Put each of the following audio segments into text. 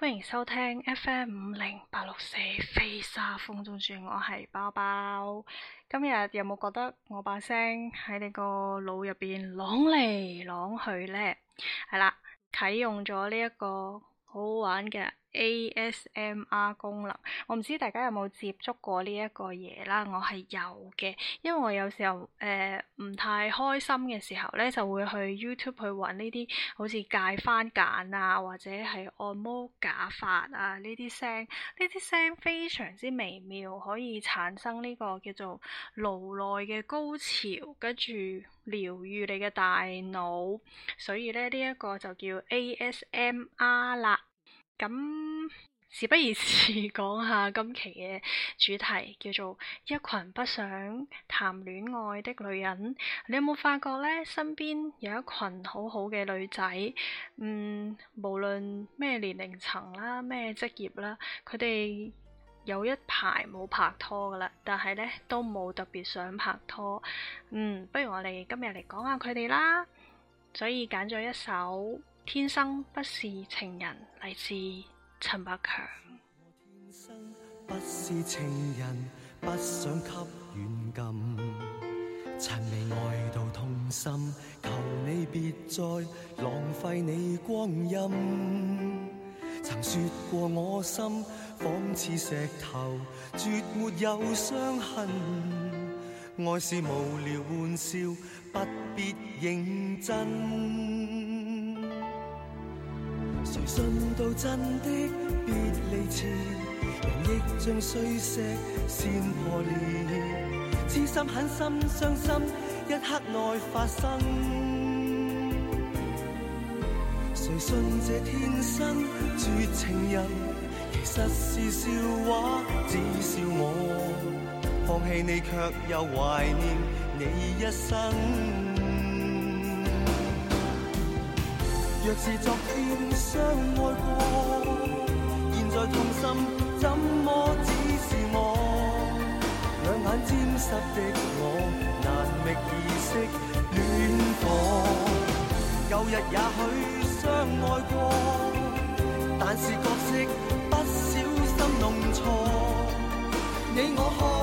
歡迎收聽 FM 五零八六四，飛沙風中轉，我係包包。今日有冇覺得我把聲喺你個腦入邊朗嚟朗去咧？係啦，啟用咗呢一個好好玩嘅 A.S.M.R 功能，我唔知大家有冇接觸過呢一個嘢啦。我係有嘅，因為我有時候誒唔、呃、太開心嘅時候咧，就會去 YouTube 去搵呢啲好似戒番鹼啊，或者係按摩假髮啊呢啲聲，呢啲聲非常之微妙，可以產生呢個叫做腦內嘅高潮，跟住療癒你嘅大腦，所以咧呢一、呢個就叫 A.S.M.R 啦。咁，事不宜遲，講下今期嘅主題，叫做《一群不想談戀愛的女人》。你有冇發覺呢？身邊有一群好好嘅女仔，嗯，無論咩年齡層啦，咩職業啦，佢哋有一排冇拍拖噶啦，但係呢都冇特別想拍拖。嗯，不如我哋今日嚟講下佢哋啦。所以揀咗一首。天生不是情人，嚟自陳百強。我天生不是情人，不想給軟禁，趁未愛到痛心，求你別再浪費你光陰。曾說過我心仿似石頭，絕沒有傷痕，愛是無聊玩笑，不必認真。誰信到真的別離前，人亦像碎石，先破裂，痴心狠心傷心，一刻內發生。誰信這天生絕情人，其實是笑話，只笑我放棄你，却又懷念你一生。若是昨天。相愛過，現在痛心怎麼只是我？兩眼沾濕的我難覓兒時暖火。舊日也許相愛過，但是角色不小心弄錯。你我。看。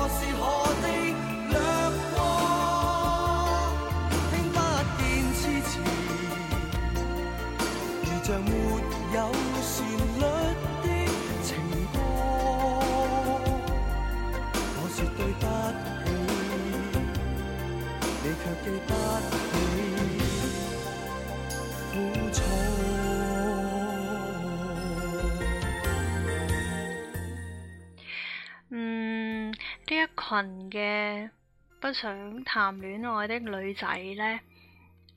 嗯，呢一群嘅不想談戀愛的女仔呢，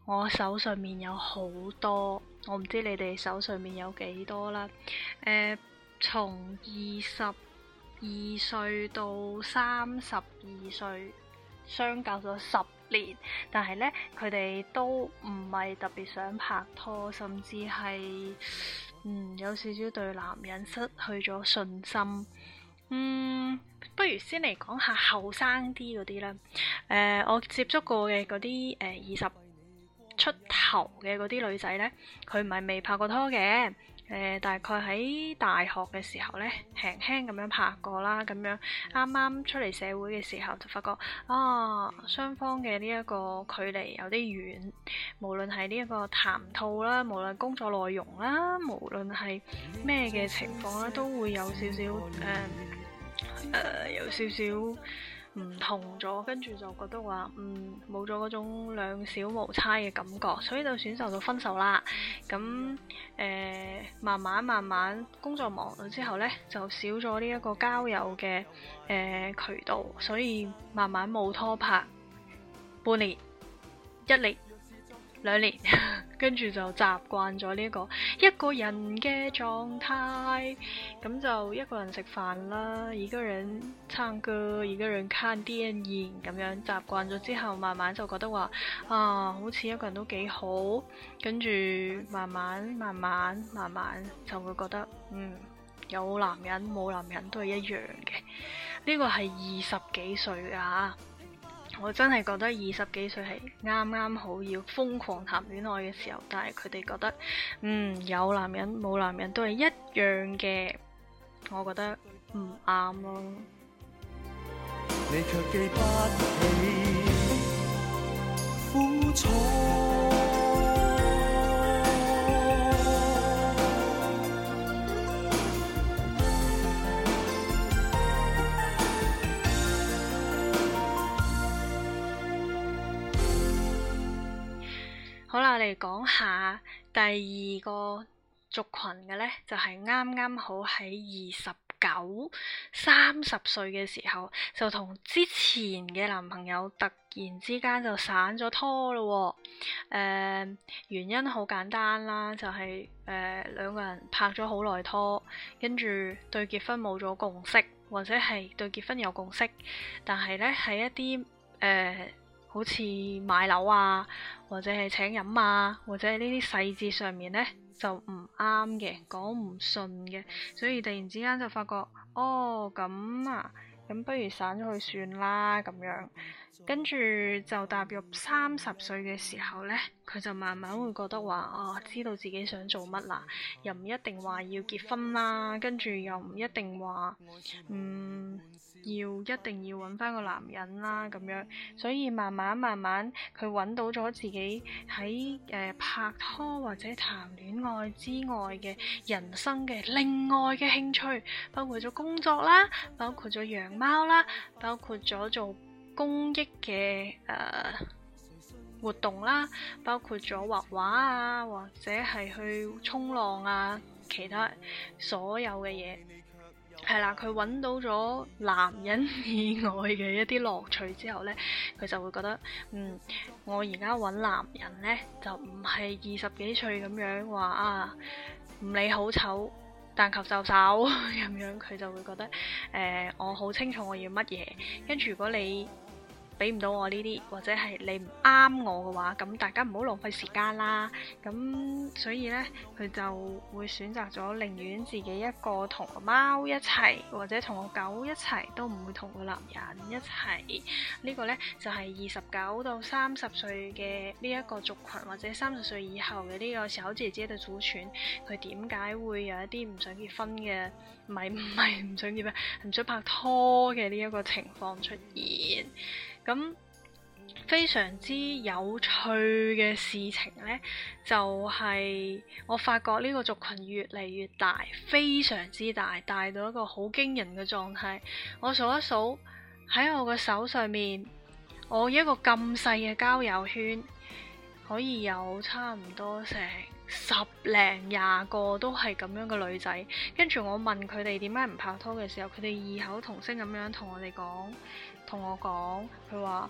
我手上面有好多，我唔知你哋手上面有幾多啦。誒、呃，從二十二歲到三十二歲。相隔咗十年，但係咧，佢哋都唔係特別想拍拖，甚至係，嗯，有少少對男人失去咗信心。嗯，不如先嚟講下後生啲嗰啲啦。誒、呃，我接觸過嘅嗰啲誒二十出頭嘅嗰啲女仔咧，佢唔係未拍過拖嘅。誒、呃、大概喺大學嘅時候呢，輕輕咁樣拍過啦，咁樣啱啱出嚟社會嘅時候就發覺啊，雙方嘅呢一個距離有啲遠，無論係呢一個談吐啦，無論工作內容啦，無論係咩嘅情況啦，都會有少少誒有少少。唔同咗，跟住就覺得話，嗯，冇咗嗰種兩小無猜嘅感覺，所以就選擇咗分手啦。咁，誒、呃，慢慢慢慢工作忙咗之後呢，就少咗呢一個交友嘅，呃、渠道，所以慢慢冇拖拍半年一年。兩年，跟住就習慣咗呢個一個人嘅狀態，咁就一個人食飯啦，一個人唱歌，一個人看電影，咁樣習慣咗之後，慢慢就覺得話啊，好似一個人都幾好，跟住慢慢慢慢慢慢就會覺得，嗯，有男人冇男人都係一樣嘅，呢個係二十幾歲啊。我真係覺得二十幾歲係啱啱好要瘋狂談戀愛嘅時候，但係佢哋覺得，嗯，有男人冇男人都係一樣嘅，我覺得唔啱咯。 嚟講下第二個族群嘅呢，就係啱啱好喺二十九、三十歲嘅時候，就同之前嘅男朋友突然之間就散咗拖咯、哦。誒、呃，原因好簡單啦，就係、是、誒、呃、兩個人拍咗好耐拖，跟住對結婚冇咗共識，或者係對結婚有共識，但係呢，喺一啲誒。呃好似買樓啊，或者係請飲啊，或者係呢啲細節上面呢，就唔啱嘅，講唔順嘅，所以突然之間就發覺，哦咁啊，咁不如散咗去算啦咁樣。跟住就踏入三十歲嘅時候呢，佢就慢慢會覺得話，哦知道自己想做乜啦，又唔一定話要結婚啦，跟住又唔一定話，嗯。要一定要揾翻個男人啦，咁樣，所以慢慢慢慢佢揾到咗自己喺誒、呃、拍拖或者談戀愛之外嘅人生嘅另外嘅興趣，包括咗工作啦，包括咗養貓啦，包括咗做公益嘅誒、呃、活動啦，包括咗畫畫啊，或者係去衝浪啊，其他所有嘅嘢。係啦，佢揾到咗男人以外嘅一啲樂趣之後呢，佢就會覺得，嗯，我而家揾男人呢，就唔係二十幾歲咁樣話啊，唔理好醜，但求就手咁樣，佢就會覺得，誒、呃，我好清楚我要乜嘢，跟住如果你。俾唔到我呢啲，或者係你唔啱我嘅話，咁大家唔好浪費時間啦。咁所以呢，佢就會選擇咗寧願自己一個同個貓一齊，或者同個狗一齊，都唔會同個男人一齊。呢個呢，就係二十九到三十歲嘅呢一個族群，或者三十歲以後嘅呢個小姐姐嘅祖傳，佢點解會有一啲唔想結婚嘅？唔係唔係唔想結咩？唔想拍拖嘅呢一個情況出現。咁非常之有趣嘅事情咧，就係我發覺呢個族群越嚟越大，非常之大，大到一個好驚人嘅狀態。我數一數喺我嘅手上面，我一個咁細嘅交友圈可以有差唔多成。十零廿個都係咁樣嘅女仔，跟住我問佢哋點解唔拍拖嘅時候，佢哋異口同聲咁樣同我哋講，同我講，佢話：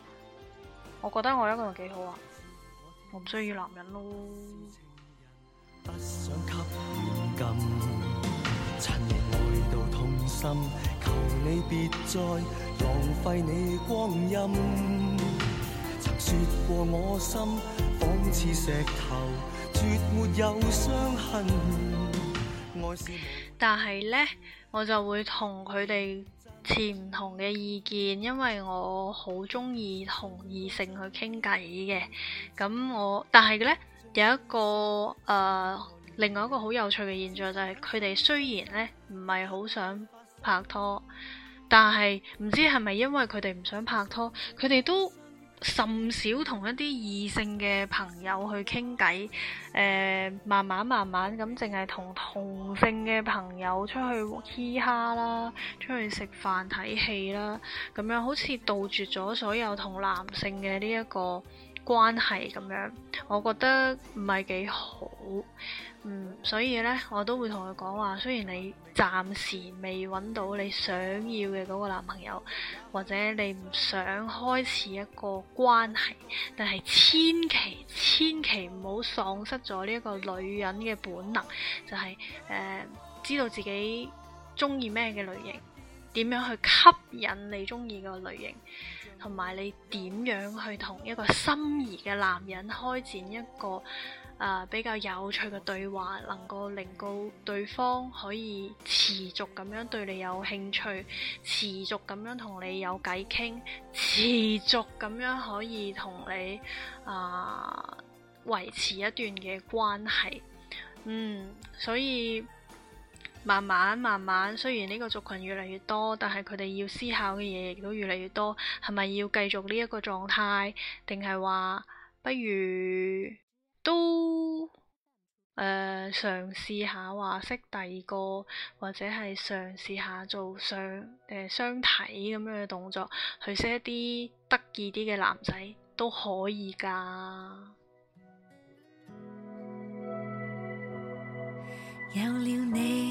我覺得我一個人幾好啊，我唔需要男人咯。情人不想吸但係呢，我就會同佢哋持唔同嘅意見，因為我好中意同異性去傾偈嘅。咁我，但係呢，有一個誒、呃，另外一個好有趣嘅現象就係，佢哋雖然呢唔係好想拍拖，但係唔知係咪因為佢哋唔想拍拖，佢哋都。甚少同一啲異性嘅朋友去傾偈，誒、呃、慢慢慢慢咁，淨係同同性嘅朋友出去嘻哈啦，出去食飯睇戲啦，咁樣好似杜絕咗所有同男性嘅呢一個關係咁樣，我覺得唔係幾好。嗯，所以咧，我都會同佢講話，雖然你暫時未揾到你想要嘅嗰個男朋友，或者你唔想開始一個關係，但係千祈千祈唔好喪失咗呢一個女人嘅本能，就係、是、誒、呃、知道自己中意咩嘅類型，點樣去吸引你中意嗰個類型，同埋你點樣去同一個心儀嘅男人開展一個。啊，uh, 比較有趣嘅對話，能夠令到對方可以持續咁樣對你有興趣，持續咁樣同你有偈傾，持續咁樣可以同你啊、uh, 維持一段嘅關係。嗯，所以慢慢慢慢，雖然呢個族群越嚟越多，但係佢哋要思考嘅嘢亦都越嚟越多，係咪要繼續呢一個狀態？定係話不如……都誒嘗試下話識第二個，或者係嘗試下做相誒相睇咁樣嘅動作，去識一啲得意啲嘅男仔都可以㗎。有了你。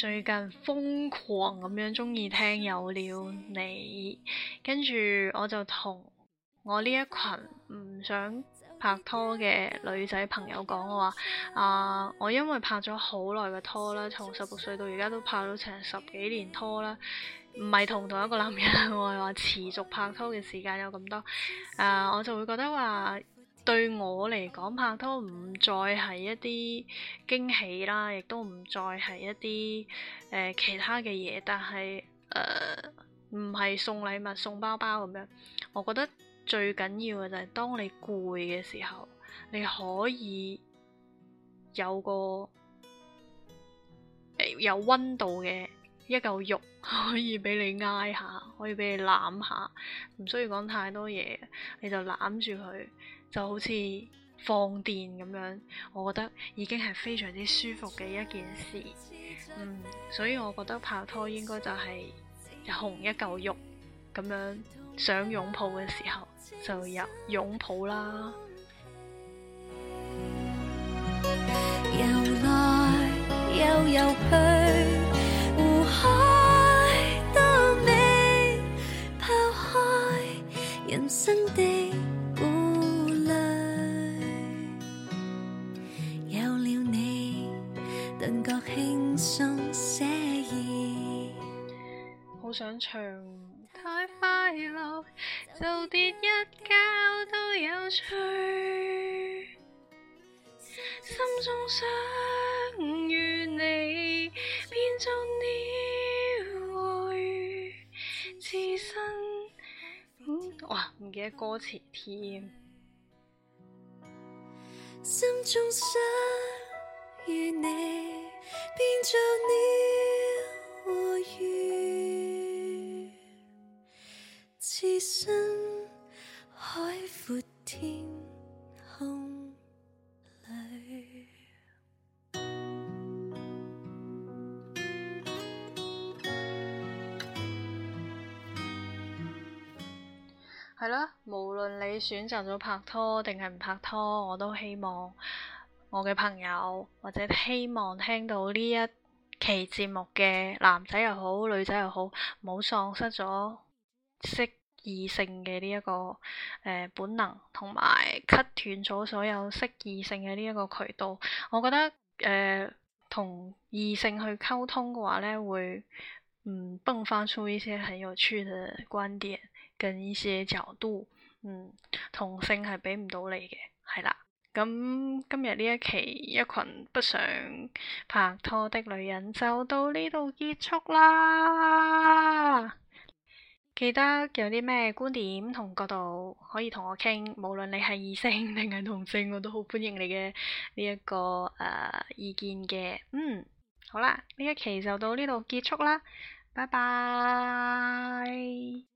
最近瘋狂咁樣鍾意聽有了你，跟住我就同我呢一群唔想拍拖嘅女仔朋友講，我話啊，我因為拍咗好耐嘅拖啦，從十六歲到而家都拍咗成十幾年拖啦，唔係同同一個男人，我係話持續拍拖嘅時間有咁多，啊、呃，我就會覺得話。對我嚟講，拍拖唔再係一啲驚喜啦，亦都唔再係一啲誒、呃、其他嘅嘢。但係誒唔係送禮物、送包包咁樣。我覺得最緊要嘅就係當你攰嘅時候，你可以有個有溫度嘅一嚿肉，可以俾你挨下，可以俾你攬下，唔需要講太多嘢，你就攬住佢。就好似放電咁樣，我覺得已經係非常之舒服嘅一件事。嗯，所以我覺得拍拖應該就係紅一嚿肉咁樣，想擁抱嘅時候就入擁抱啦。游來又游去，湖海多美，拋開人生的。頓覺輕鬆寫意，好想唱。太快樂就跌一跤都有趣，心中想與你變做鳥和魚，置身哇，唔記得歌詞添。心中想。與你變做鳥和魚，置身海闊天空裏。係啦，無論你選擇咗拍拖定係唔拍拖，我都希望。我嘅朋友或者希望聽到呢一期節目嘅男仔又好，女仔又好，冇喪失咗識異性嘅呢一個誒、呃、本能，同埋 cut 斷咗所有識異性嘅呢一個渠道。我覺得誒同異性去溝通嘅話咧，會嗯迸發出一些很有趣嘅觀點，跟一些角度。嗯，同性係畀唔到你嘅，係啦。咁、嗯、今日呢一期一群不想拍拖的女人就到呢度結束啦。記得有啲咩觀點同角度可以同我傾，無論你係異性定係同性，我都好歡迎你嘅呢一個誒、呃、意見嘅。嗯，好啦，呢一期就到呢度結束啦。拜拜。